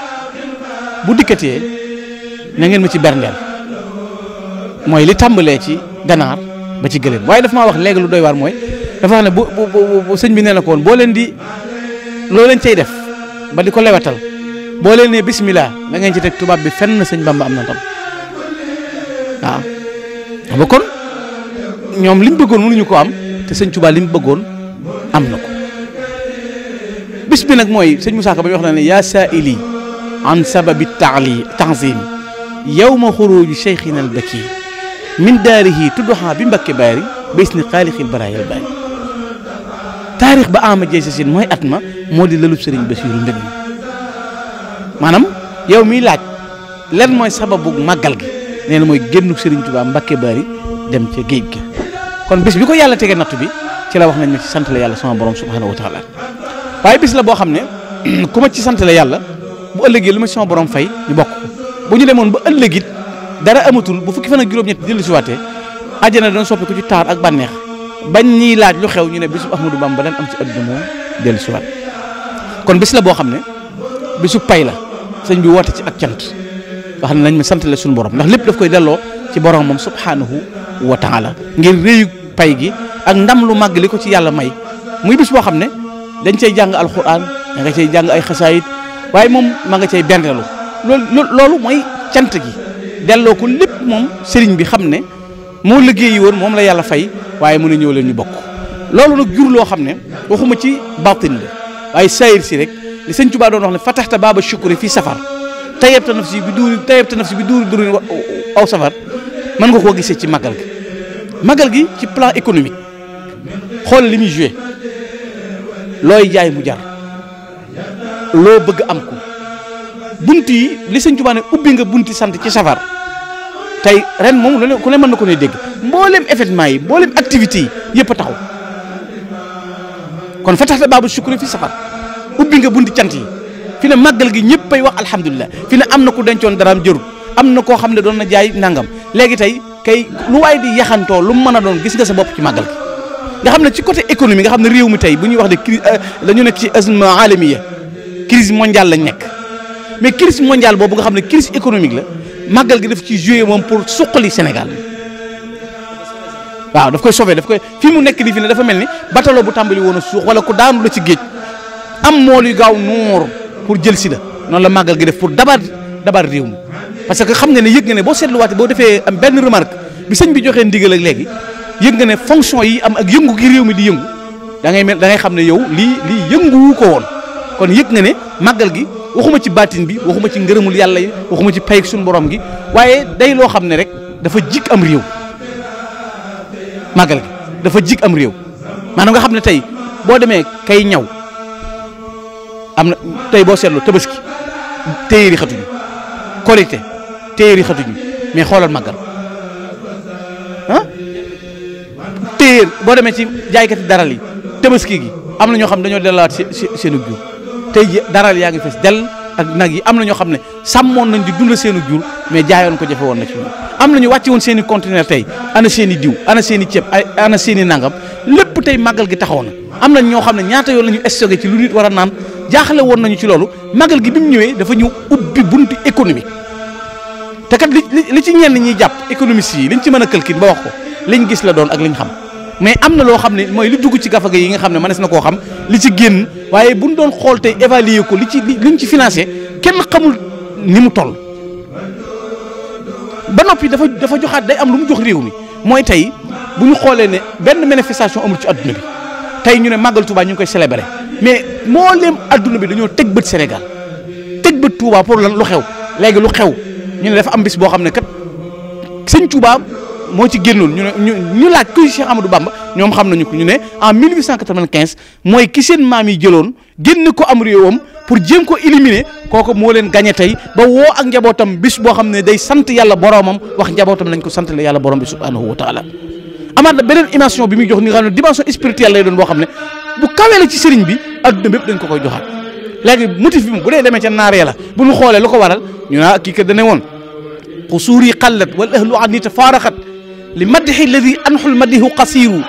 bu dikkatee na ngeen ma ci berndeel mooy li tàmbalee ci ganaar ba ci gëléem waaye daf ma wax léegi lu doy waar mooy dafa wax ne bu bu sëñ bi nee na ko woon boo leen di loo leen cay def ba di ko lewetal boo leen bismillah da ngeen ci teg tubaab bi fenn señ Bamba am na tam waaw ba kon ñoom li mu bëggoon mënuñu ko am te sëñ Tuubaa li mu bëggoon am na ko bis bi nag mooy sëñ Moussa Ka ba ñu wax na ne yaa saaili an sababi taali tanzim yawma xuruuju cheikhina al baki min daarihi tudduxaa bi mbakke baari bés ni xaalixil baraayal baari taarix ba ama jeey sa sin mooy at ma moo di lëlub sëriñ Basiiru mbir mi maanaam yow miy laaj lan mooy sababu màggal gi nee na mooy génnu sëriñ Tuubaa mbakke baari dem ca géej gi kon bis bi ko yàlla tege nattu bi ci la wax nañ ma sant la yàlla sama borom subhanahu wa taala waaye bis la boo xam ne *clears throat* ku ma ci sant la yàlla bu ëllëgee lu ma sama borom fay ñu bokk bu ñu demoon ba ëllëgit dara amatul bu fukki fan ak juróom-ñett dellu si waatee àjjana doon soppi ku ci taar ak bànneex bañ ñiy laaj lu xew ñu ne bisub Ahmadou ba lan am ci adduna moo dellu si waat kon bis la boo xam ne bisu pay la sëñ bi woote ci ak cant wax ne nañ ma sant la suñu borom ndax lépp daf koy delloo ci borom moom subhanahu wa taala ngir réyu pay gi ak ndam lu màgg li ko ci yàlla may muy bis boo xam ne dañ cay jàng alxuraan da nga cay jàng ay xasaayit waaye moom ma nga cay bernelu loolu loolu mooy cant gi delloo ko lépp moom sëriñ bi xam ne moo liggéey woon moom la yàlla fay waaye mën a ñëw leen ñu bokk loolu nag jur loo xam ne waxuma ci batin la waaye saayir si rek li sëñ Tuubaa doon wax ne fataxta baaba shukri fii safar tayebta naf si bi duuri tayebta naf si bi duuri durin aw safar mën nga koo gisee ci màggal gi magal gi ci plan économique xool li muy joué looy jaay mu jar loo bëgg am ko bunt yi li sëñ Tuubaa ne ubbi nga bunti sant ci safar tey ren moom lu ne ku ne mën na ko ne dégg mbooleem événement yi mbooleem activité yi yëpp a taxaw kon fa tax baabu sukkur fi safar ubbi nga bunt cant yi fi ne màggal gi ñëpp ay wax alhamdulilah fi ne am na ku dencoon daraam jërut am na koo xam ne doon na jaay nangam léegi tey kay lu waay di yaxantoo lu mën a doon gis nga sa bopp ci màggal nga xam ne ci côté économie nga xam ne réew mi tey bu ñuy wax ne crise euh, dañu nekk ci azma alamiya crise mondiale lañ nekk mais crise mondiale boobu nga xam ne crise économique la màggal gi daf ci joué moom pour suqali Sénégal waaw daf koy sauvé daf koy fi mu nekk di fi ne dafa mel ni batalo bu tàmbali woon a suux wala ku daanu la ci géej am moo yu gaaw noor pour jël si la noonu la màggal gi def pour dabar dabar réew mi parce que xam nga ne yëg nga ne boo seetluwaatee boo defee am benn remarque bi sëñ bi joxee ndigal ak léegi yëg nga ne fonction yi am ak yëngu gi réew mi di yëngu da mel da ngay xam ne yow lii lii yënguwu ko woon kon yëg nga ne màggal gi waxuma ci baatin bi waxuma ci ngërëmul yàlla yi waxuma ci payeg suñu borom gi waaye day loo xam ne rek dafa jik am réew màggal gi dafa jik am réew maanaam nga xam ne tey boo demee kay ñaw am na tey boo seetlu tabaski téyeeri xatuñu korité téeri xatuñu mais xoolal màggal ah boo demee ci jaaykati daral yi tabaski gi am na ñoo xam dañoo dellawaat seenu jur tey ji daral yaa ngi fees dell ak nag yi am na ñoo xam ne sàmmoon nañ di dund seenu jur mais jaayoon ko jafe woon na ci ñoom am na ñu wàcce woon seen ana seen i ana seen i ceeb ana nangam lépp tey màggal gi taxaw am na ñoo xam ne ñaata yoon la ñu stocké ci lu nit war a naan jaaxle woon nañu ci loolu màggal gi bi mu ñëwee dafa ñëw ubbi buntu économique te kat li li ci ñenn ñiy jàpp économistes yi liñ ci mën a calculer ba wax ko liñ gis la doon ak ñu xam mais am na loo xam ne mooy li dugg ci gafaga yi nga xam ne mënees na koo xam li ci génn waaye bu buñ doon xool tey évaluer ko li ci li liñ ci financé kenn xamul ni mu toll ba noppi dafa dafa joxaat day am lu mu jox réew mi mooy tey bu ñu xoolee ne benn manifestation amul ci adduna bi tey ñu ne màggal Touba ñu ngi koy célébrer mais moo leem adduna bi dañoo teg bët Sénégal teg bët Touba pour lan lu xew léegi lu xew ñu ne dafa am bis boo xam ne kat sëñ Touba moo ci génnoon ñu ne ñu laaj kuy Cheikh Amadou Bamba ñoom xam nañu ko ñu ne en 1895 mooy ki seen maam yi jëloon génn ko am réewam pour jéem ko éliminer kooku moo leen gagné tey ba woo ak njabootam bis boo xam ne day sant yàlla boromam wax njabootam lañ ko sant la yàlla borom bi subhanahu wa amaat beneen dimension bi muy jox ni nga xam ne dimension doon boo xam ne bu kawee la ci sëriñ bi adduna bépp dañ ko koy joxaat léegi motif bi bu dee demee ca naaree la bu ñu xoolee lu ko waral ñu naa ah kii kat dane woon xusuuri xallat wal ahlu anni tafaaraxat li madixi ladi anxul madihu qasiru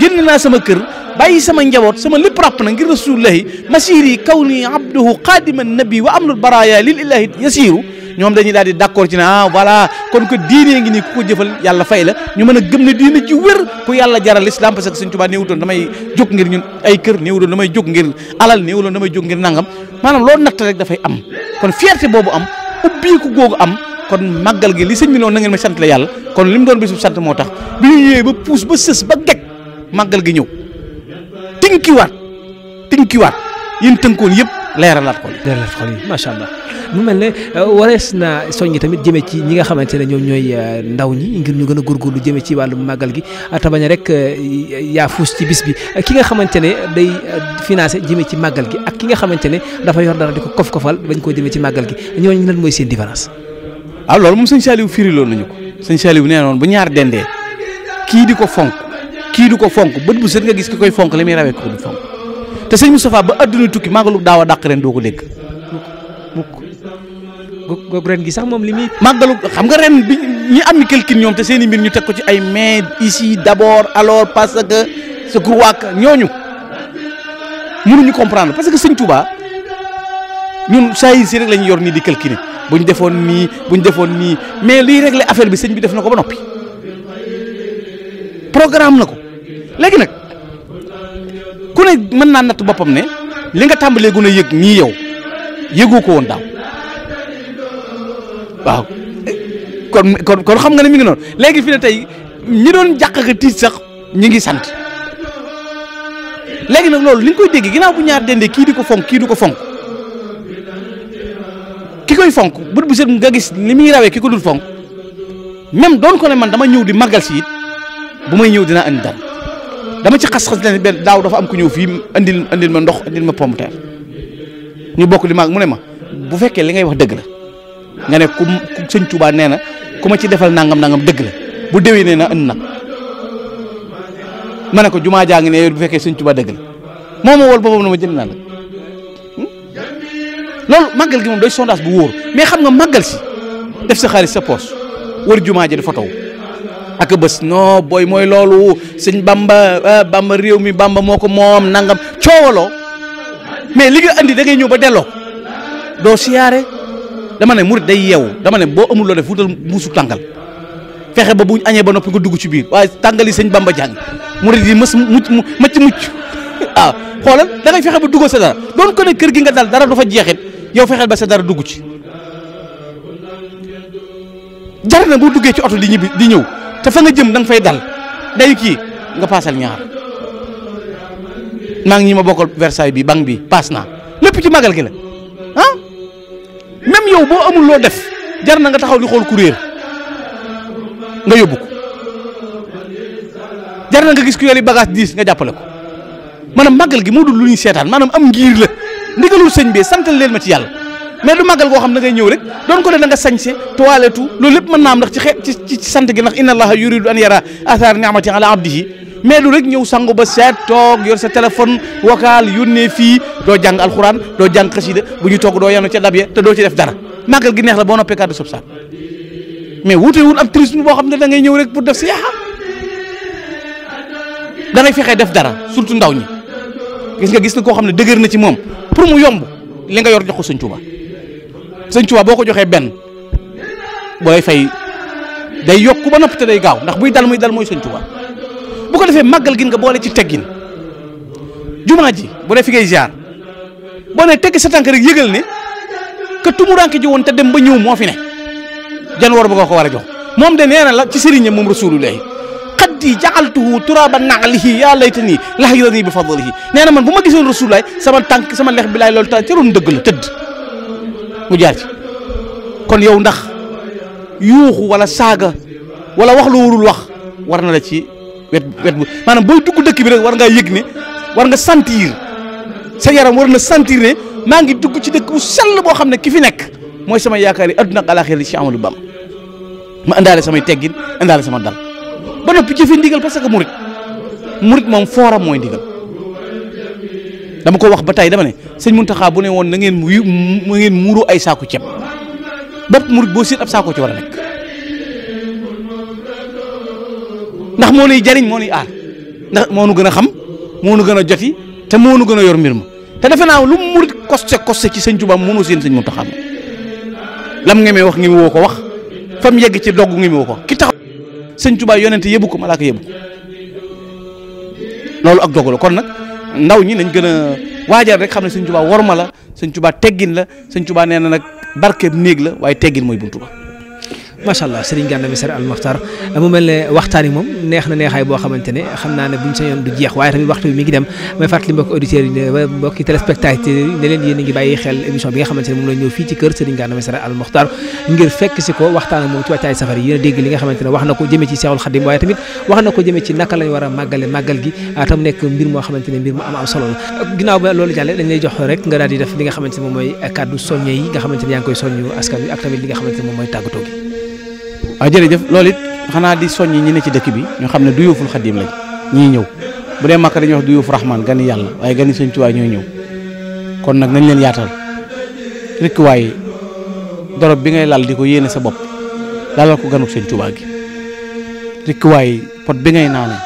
génn naa sama kër bàyyi sama njaboot sama lépp ràpp na ngir rasulillahi masiri kaw ni abduhu qaadima nabi wa amlul baraya lil ilahi yasiru ñoom dañuy daal di d'accord ci ne ah voilà kon que diine ngi nii ko jëfal yàlla fay la ñu mën a gëm ne diine ci wér ku yàlla jaral l'islam parce que Sëñ Tuubaa néewutoon damay jóg ngir ñun ay kër néewutoon damay jóg ngir alal néewutoon damay jóg ngir nangam maanaam loolu natt rek dafay am kon fierté boobu am ubbiiku googu am kon màggal gi li sëñ bi noonu na ngeen ma sant la yàlla kon li mu doon bisub sant moo tax bi ñu ñëwee ba puus ba sës ba geg màggal gi ñëw tinkiwaat tinkiwaat yéen tënkoon yëpp leeralaat xol yi leeralaat xol yi macha allah mu mel ne euh, warees na soñ soññi tamit jëme ci ñi nga xamante ne ñoom ñooy euh, ndaw ñi ngir ñu gën a góor góorgóorlu jëme ci wàllu màggal gi te bañ a rek euh, yaa fuus ci bis bi ki nga xamante ne day financé jëme ci màggal gi ak ki nga xamante ne dafa yor dara di ko kof kofal bañ koo jëme ci màggal gi ñooñu lan mooy seen différence. ah loolu moom sëñ Saliou firi loolu nañu ko sëñ Saliou nee noonu bu ñaar dendee kii di ko fonk kii du ko fonk bët bu set nga gis ki koy fonk li muy rawee ko du fonk te sëñ Moustapha ba àdduna tukki màggalu daaw a dàq ren doo ko dégg mukk mukk ren gi sax moom li muy màggalu xam nga ren bi ñi am ni quelqu'un ñoom te seen i mbir ñu teg ko ci ay mais ici d'abord alors parce que ce que ñooñu mënuñu comprendre parce que sëñ Touba ñun saa si rek la yor nii di quelqu'un bu ñu defoon nii bu ñu defoon nii mais liy régler affaire bi sëñ bi def na ko ba noppi programme na ko léegi nag. ku ne mën naa natt boppam ne li nga tàmbalee gën a yëg nii yow yëgoo ko woon daaw waaw kon kon kon xam nga ne mi ngi noonu léegi fi ne tey ñi doon jàq ka tiit sax ñi ngi sant léegi nag loolu li nga koy dégg ginnaaw bu ñaar dende kii di ko fonk kii du ko fonk ki koy fonk bët bu set nga gis li muy rawee ki ko dul fonk même doon ko ne man dama ñëw di màggal si it bu may ñëw dinaa andi dara dama ci xas-xas leen benn daaw dafa am ku ñëw fii andil andil ma ndox andil ma pomme ñu bokk li maag mu ne ma bu fekkee li ngay wax dëgg la nga ne ku sëñ Tuubaa nee na ku ma ci defal nangam nangam dëgg bu déwee nee na ënd nag ma ne ko jumaa jaa ngi ne yow bu fekkee sëñ Tuubaa dëgg la moo ma wol boppam na ma jënd naa la hmm? loolu màggal gi moom doy sondage bu wóor mais xam nga màggal si def sa xaalis sa poos wër jumaa ji dafa taw ak bës noo booy mooy loolu sëñ bamba ah, bamba réew mi bàmba moo ko moom nangam coowaloo mais li nga andi dangay ñëw ba delloo doo siyaare dama ne murit day yeewu dama ne boo amul loo def wutal mbuusu tàngal fexe ba buñ añee ba noppi nga dugg ci biir waaye tàngali sëñ bamba jàng murit yi mas mucc macc mucc waaw *laughs* ah, xoolal da fexe ba duggal sa dara doon ko ne kër gi nga dal dara du fa jeexit yow fexeel ba sa dara dugg ci jar na duggee ci oto di ñibbi di ñëw te fa nga jëm da fay dal day kii nga paasal ñaar maa ngi ñi ma bokkal Versailles bi banque bi paas naa lépp ci magal gi la ah même yow boo amul loo def jar na nga taxaw di xool kuréel nga yóbbu ko nga gis ku yori bagage diis nga jàppale ko maanaam magal gi moo dul lu ñuy seetaan maanaam am ngir la ndigalul sëñ bi santal leen ma yàlla. mais du màggal goo xam da ngay ñëw rek doon ko ne da nga sañse toilette loolu lépp mën naa am ndax ci xeet ci ci sant gi ndax inna allaha yuridu an yara athar ni'mati ala abdihi mais du rek ñëw sangu ba seet toog yor sa téléphone vocal yónnee fii doo jàng alxuraan doo jàng xasida bu ñu toog doo yanu ca dab ya te doo ci def dara màggal gi neex la boo noppee kàddu sob saan mais wute wul ab tourisme boo xam ne da ngay ñëw rek pour def siyaaxa dangay fexee def dara surtout ndaw ñi gis nga gis nga koo xam ne dëgër na ci moom pour mu yomb li nga yor jox ko Sëñ Tuubaa sëñ Tuubaa boo ko joxee benn booy fay day yokk ba noppi te day gaaw ndax buy dal muy dal mooy sëñ Tuubaa bu ko defee màggal gin nga boole ci teggin jumaa ji bu dee fi ngay ziar boo ne teggi sa tànk rek yëgal ne que tumuraanke ji woon te dem ba ñëw moo fi ne jan war ba nga ko war a jox moom de nee na la ci sëriñam moom rasulullahi xaddi jaxaltuhu turaba naalihi yaa layta nii lax yi bi fadlihi nee na man bu ma gisoon rasulullahi sama tànk sama lex bi laay loolu ta ca roon dëgg la tëdd mu jaar ci kon yow ndax yuuxu wala saaga wala wax lu warul wax war na la ci wet wet bu maanaam booy dugg dëkk bi rek war ngaa yëg ne war nga sentir sa yaram war na sentir ne maa ngi dugg ci dëkk bu sell boo xam ne ki fi nekk mooy sama yaakaar yi adduna ak alaxir li ci Amadou ma indaale samay teggin indaale sama dal ba noppi jëfe ndigal parce que murit murit moom fooram mooy ndigal dama ko wax ba tey dama ne sëñ Muntaxa bu ne woon na ngeen mu ngeen muuru ay saako ceeb bopp murit boo séen ab saako ci war a nekk ndax moo nuy jariñ moo nuy aar ndax moo nu gën a xam moo nu gën a joti te moo nu gën a yor mbir ma te defe naa lu murit koste koste ci sëñ Tuubaa mënoo seen sëñ Muntaxa moom lam ngemee wax ngi woo ko wax fam yegg ci dogg ngi woo ko ki tax sëñ Tuubaa yonente yëbu ko malaaka yëbu ko loolu ak dogg kon nag ndaw ñi nañ gën a waajal rek xam ne sëñ Tuubaa worma la sëñ Tuubaa teggin la sëñ Tuubaa nee na nag barkeb néeg la waaye teggin mooy buntu ba macha allah Serigne Gana Messere Al Mokhtar mu mel ne waxtaan yi moom neex na neexaay boo xamante xam naa ne buñ sañoon du jeex waaye tamit waxtu bi mi ngi dem may fàttali mbokki mbokki téléspectateurs yi ne leen yéen a ngi bàyyi xel émission bi nga xamante moom la fii ci kër Serigne Gana Messere Al Mokhtar ngir fekk si ko waxtaan moom ci wàccaay safar yi a dégg li nga xamante wax na ko jëmee ci Seexul Xadim waaye tamit wax na ko jëmee ci naka a màggale màggal gi ah, am am solo la ginnaaw ba loolu jàlle dañ lay jox waaw jërëjëf loolu it xanaa di soññi ñi ne ci dëkk bi ñu xam ne du yuuful xadim lañ ñii ñëw bu dee màkk dañuy wax du yuuf rahman gani yàlla waaye gani sëñ Tuubaa ñoo ñëw kon nag nañ leen yaatal rekk waaye dorob bi ngay lal di ko yéene sa bopp lalal ko ganuk sëñ Tuubaa gi rekk waaye pot bi ngay naane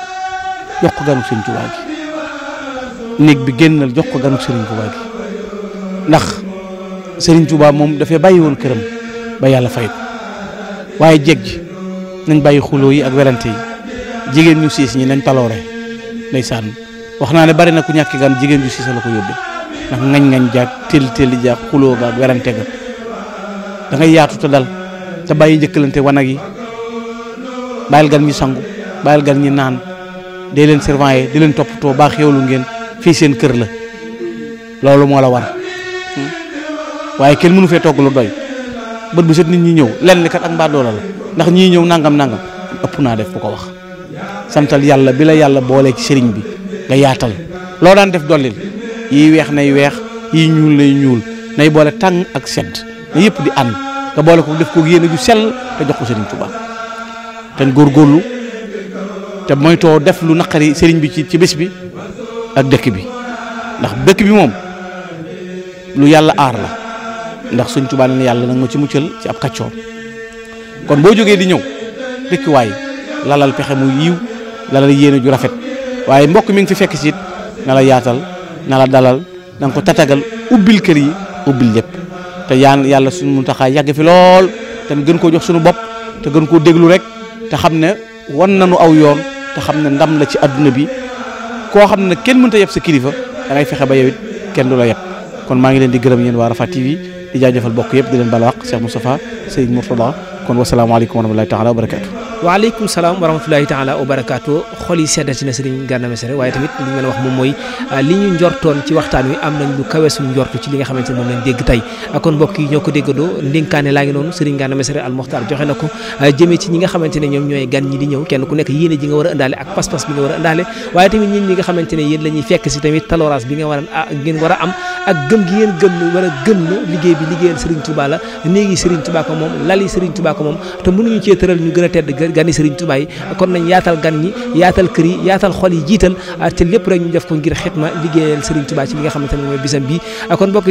jox ko ganuk sëñ Tuubaa gi néeg bi génnal jox ko ganuk sëriñ Tuubaa gi ndax sëriñ Tuubaa moom dafay bàyyi woon këram ba yàlla fay ko waaye jeeg ji nañ bàyyi xuloo yi ak werante yi jigéen ñu siis ñi nañ taloore ndeysaan wax naa ne bari na ku ñàkki gan jigéen ju siis la ko yóbbe ndax ngañ-ngañ jaag tëll tëll jaag xuloo ga ak werante ga da ngay yaatu te dal te bàyyi njëkkalante wanag yi bàyyil gan ñi sangu bàyyil gan ñi naan dee leen servant di leen toppatoo baa xewlu ngeen fii seen kër la loolu moo la war hmm? waaye kenn mënu fee togg lu doy bët bu set nit ñi ñëw lenn kat ak mbaadoo la ndax ñii ñëw nangam nangam ëpp naa def bu ko wax santal yàlla bi la yàlla boolee ci sëriñ bi nga yaatal loo daan def dollil yi weex nay weex yi ñuul nay ñuul nay boole tàng ak sedd na yëpp di ànd nga boole ko def kook yéen a ju sel te jox ko sëriñ Tuuba te góorgóorlu te moytoo def lu naqari sëriñ bi ci ci bés bi ak dëkk bi ndax dëkk bi moom lu yàlla aar la ndax suñ tubaa ne yàlla nag ma ci muccal ci ab kàccoor kon boo jógee di ñëw dëkkuwaay lalal pexe mu yiw lalal yéene ju rafet waaye mbokk mi ngi fi fekk si it yaatal na dalal na ko tatagal ubbil kër yi ubbil lépp te yaan yàlla suñu muntaxaay yàgg fi lool te gën koo jox suñu bopp te gën koo déglu rek te xam ne wan nañu aw yoon te xam ne ndam la ci àdduna bi koo xam ne kenn mënta yeb sa kilifa da fexe ba yow kenn du la yeb kon maa ngi leen di jaajëfal bokk yëpp di leen bala wax Cheikh Moustapha Serigne Mourtada kon wasalaamaaleykum wa rahmatullahi taala wa barakaatu waaleykum salaam wa rahmatulahi taala wa barakaatu xol yi seddati na sëriñ Gana Messere waaye tamit li ñu a wax moom mooy ah, li ñu njortoon ci waxtaan wi am nañ lu kawe suñu njortu ci li nga xamante moom lañ ah, ah, ñooy gan ñi di ñëw kenn ku nekk yéene ji nga war a indaale ak pas-pas bi nga war a indaale waaye tamit ñin ñi nga xamante ne yéen la ñuy fekk si tamit taloraas bi nga war a ngeen war a am ak gëm gi ngeen gëm war a gëm liggéey bi liggéeyal sëriñ Touba kër gan yi Serigne Touba yi kon nañ yaatal gan ñi yaatal kër yi yaatal xol yi jiital ah, te lépp rek ñu def ko ngir xitma liggéeyal Serigne Touba ci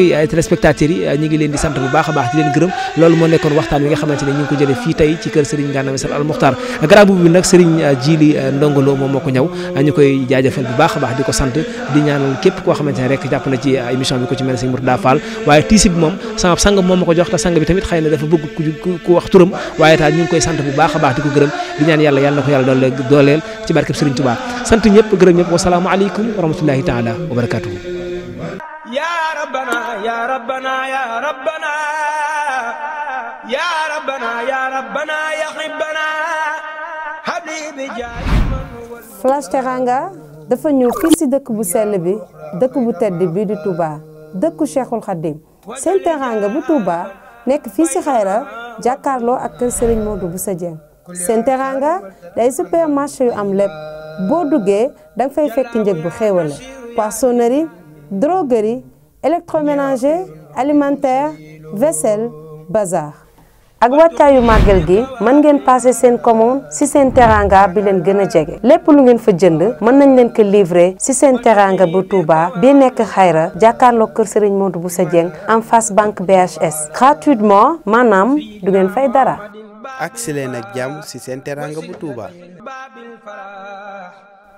ah, ah, leen di sant bu baax a baax di ko a sant di ñaanal képp koo xamante rek jàpp na ci émission bi ko ci mel Serigne Mourtada Fall waaye tiisi bi moom sama sang moom ma ko jox te sang bi tamit xëy na dafa bëgg ku wax turam waaye taal ñu koy sant bu baax a baax di ko gërëm xéewal di ñaan yàlla yàlla na ko yàlla doole dooleel ci barkeb Sëriñ Tuubaa sant ñëpp gërëm ñëpp wasalaamu aleykum wa rahmatullahi taala wa barakatuhu ya rabbana ya rabbana ya rabbana ya rabbana ya rabbana ya rabbana habibi Flash Teranga dafa ñëw fii si dëkk bu sell bi dëkk bu tedd bii di Touba dëkku Cheikhul Khadim seen teranga bu Touba nekk fii si xayra jàkkaarloo ak kër Serigne Modou Bousso Dieng seen teraanga day supermarché yu am lépp boo duggee danga fay fekk njëg bu xéewale poissonnerie droguerie électroménager alimentaire vaisselle bazar. ak wàccaayu màggal gi mën ngeen passé seen commande si seen teranga bi leen gën a jege lépp lu ngeen fa jënd mën nañ leen ko livrer si seen teranga bu Touba bi nekk xayra jàkkaarloo kër Serigne bu Bousso Dieng en face banque BHS gratuitement maanaam du ngeen fay dara. agsi leen ak jàmm ci seen teraanga bu Touba.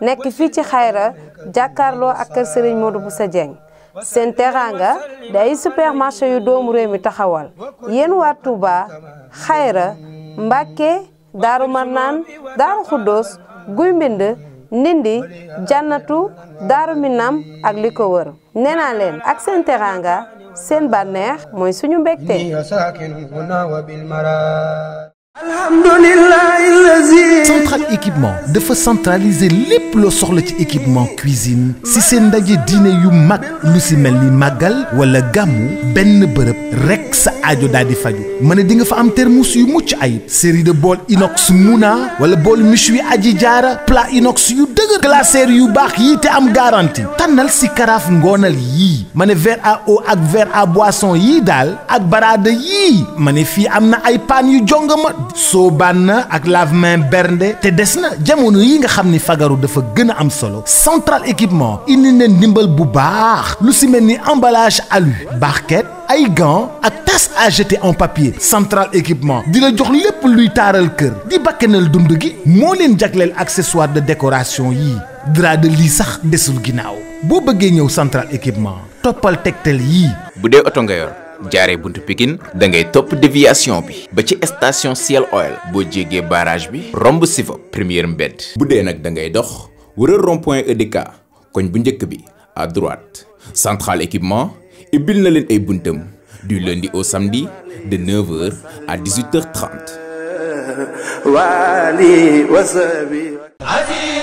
nekk fii ci xayra jàkkarloo ak kër Serigne Modou Bousso Dieng seen teraanga day supermarché yu doomu réew mi taxawal yéen waa Touba xayra Mbàkke Daaru Marnaan Daaru Xuddoos Guy Mbind Ndindi Jannatu Daaru Minam ak li ko wër nee leen ak seen teraanga seen bànneex mooy suñu mbégte central équipement dafa centraliser lépp loo soxla ci équipement cuisine si seen ndaje diine yu mag lu si mel ni màggal wala gàmmu benn bërëb rekk sa aajo dal di faju ma ne di nga fa am termus yu mucc ayib série de bool inox muna wala bool wi aji jaara plat inox yu dëgër glacière yu baax yi te am garantie tànnal si karaaf ngoonal yii ma ne verre à ak verre à boisson yii daal ak baraada yii ma fii am na ay paan yu jongama soo baan na ak lave-main bernde te des na jamono yi nga xam ni fagaru dafa gën a am solo central équipement indi na ndimbal bu baax lu si mel ni emballage alu barquette ay gants ak tasse à jeter en papier central équipement di la jox lépp luy taaral kër di bakkanal dund gi moo leen jagleel accessoire de décoration yi drap de sax desul ginnaaw boo bëggee ñëw central équipement toppal tegtal yii. bu dee oto nga yor jaaree buntu Pikine da ngay topp déviation bi ba ci station Ciel Oil boo jegee barrage bi romb Siva première mbedd bu dee nag da ngay dox wëral rond-point ca e koñ bu njëkk bi à droite central équipement ibbil na leen ay buntam du lundi au samedi de 9h à 18 h